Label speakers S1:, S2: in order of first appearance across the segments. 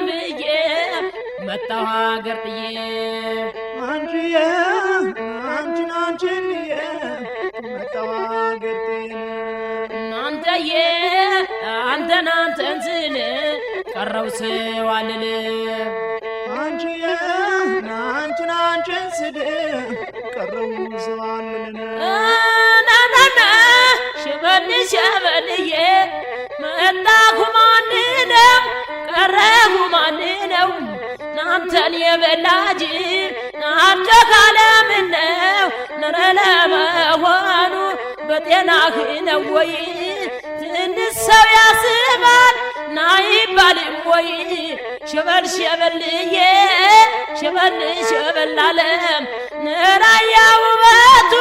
S1: ያን ብዬ መጣሁ ሀገር ጥዬ
S2: አንቺዬ አንቺን አንቺን ብዬ መጣሁ ሀገር ጥዬ
S1: እናንተዬ አንተን አንተን ስል ቀረው ስዋልል
S2: አንቺዬ አንቺን አንቺን ስል ቀረው ስዋልል
S1: ናናና ሽበል ሸበልዬ መጣሁ ማንነው አንተን የበላጅ አንተ ካለምነው ነረ ለመሆኑ በጤናህ ነው ወይ? ትንሽ ሰው ያስባል ናይባልም ወይ? ሽበል ሸበልዬ ሽበል ሸበላለም ንራያ ውበቱ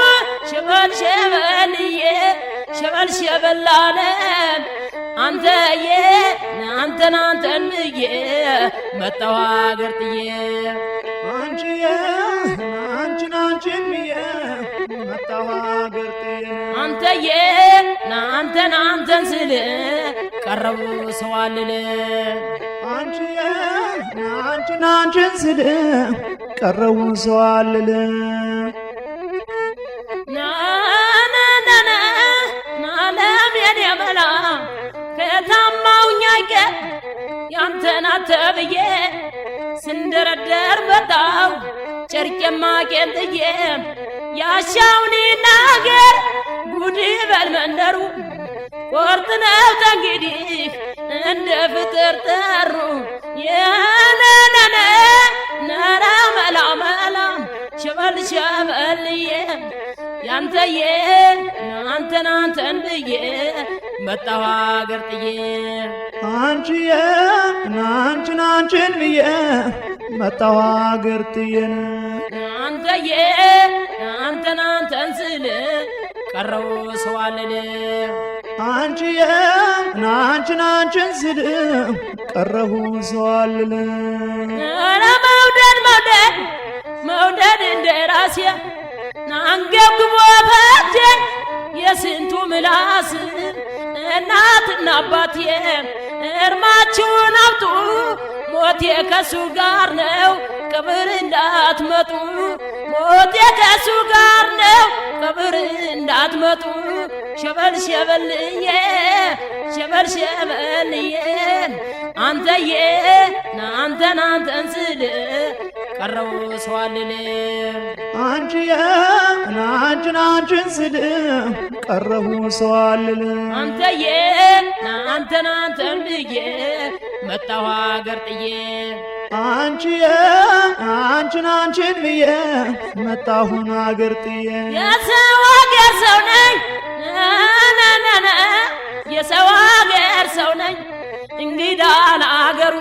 S1: ሽበል ሸበልዬ ሽበል ሸበላለም አንተዬ አንተን አንተን ብዬ መጣሁ አገር ጥዬ
S2: አንቺዬ አንቺን አንቺን ብዬ መጣሁ አገር ጥዬ
S1: አንተዬ ናንተን አንተን ስል ቀረቡ ሰው አልል
S2: አንቺዬ አንቺን አንቺን ስል ቀረቡ ሰው አልል
S1: አንተና ተብዬ ስንደረደር በጣው ጨርቄማ ቄንጥዬ ያሻውን ይናገር ጉድ በል መንደሩ ቆርጥነው ተንግዲህ እንደ ፍጥር ጠሩ የነነነ ነራ መላ መላ ሸበል ሸበልዬ ያንተዬ አንተን አንተን ብዬ መጣሁ አገር ጥዬ
S2: አንቺዬ ናንችን አንቺን ብዬ መጣሁ አገር ጥዬን
S1: አንተዬ አንተን አንተን ስል ቀረው
S2: አንቺዬ ናንችን ስል ቀረሁ ሰዋልል
S1: ኧረ አባቴ እርማችሁን አውጡ፣ ሞቴ ከሱ ጋር ነው ቅብር እንዳትመጡ፣ ሞቴ ከሱ ጋር ነው ቅብር እንዳትመጡ። ሸበል ሸበልዬ ሸበል ሸበልዬ አንተዬ ስል ቀረው ሰዋልል
S2: ናንችን አንችን ስል ቀረሁ ሰዋልል
S1: አንተዬ ናንተን አንተን ብዬ መጣሁ ሀገር ጥዬ
S2: አንቺዬ አንችን አንችን ብዬ መጣሁን ሀገር ጥዬ
S1: የሰው ሀገር ሰው ነኝ ነነነ የሰው ሰው ነኝ እንግዳ ለአገሩ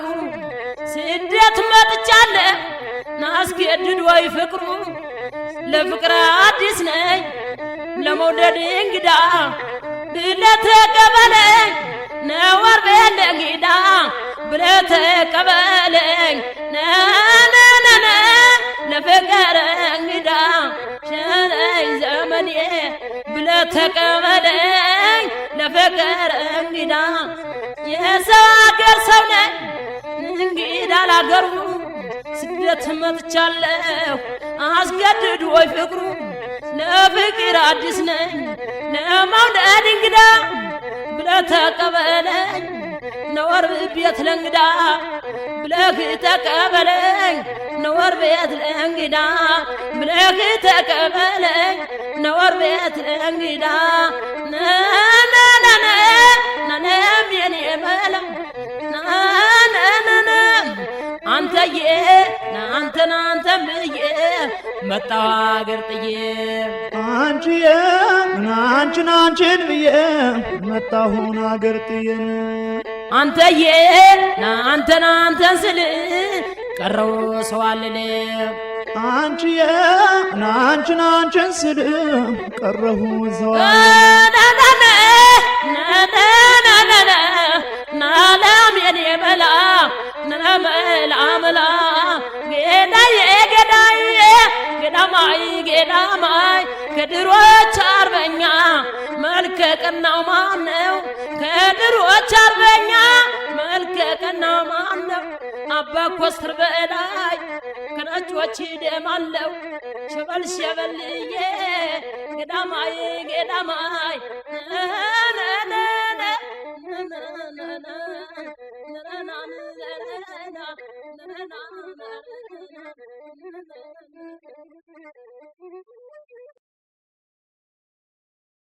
S1: ስደት መጥቻለሁ ናስኪድድ ወይ ፍቅሩ ለፍቅር አዲስ ነኝ ለመውደድ እንግዳ ብለተ ቀበለኝ ነዋር ቤለ እንግዳ ብለተ ቀበለኝ ነነነነ ለፍቅር እንግዳ ሸነኝ ዘመኔ ብለተ ለፍቅር እንግዳ የሰው አገር ሰው ነኝ እንግዳ ላገሩ ስደት መጥቻለሁ አስገድድ ወይ ፍቅሩ ለፍቅር አዲስ ነኝ ለመውደድ እንግዳ ብለ ተቀበለኝ ነወር ቤት ለእንግዳ ብለክ ተቀበለኝ ነወር ቤት ለእንግዳ ብለክ ተቀበለኝ ነወር ቤት ለእንግዳ ነነነነ ነነም የኔ መላ አንተዬ ናንተ ናንተም ብዬ መጣሁ አገር ጥዬ
S2: አንቺዬ ናንቺን አንቺን ብዬ መጣሁን አገር ጥዬን
S1: አንተዬ አንተ ናንተን ስል ቀረው ሰዋልል
S2: አንቺዬ ናንቺን አንቺን ስል ቀረሁ ሰዋል
S1: ከድሮች አርበኛ መልከ ቀናው ማን ከድሮች አርበኛ መልከ ቀናው ማን አባ ኮስትር በላይ ከነጮች ደም አለው ሸበል ሸበልዬ ገዳማይ ገዳማይ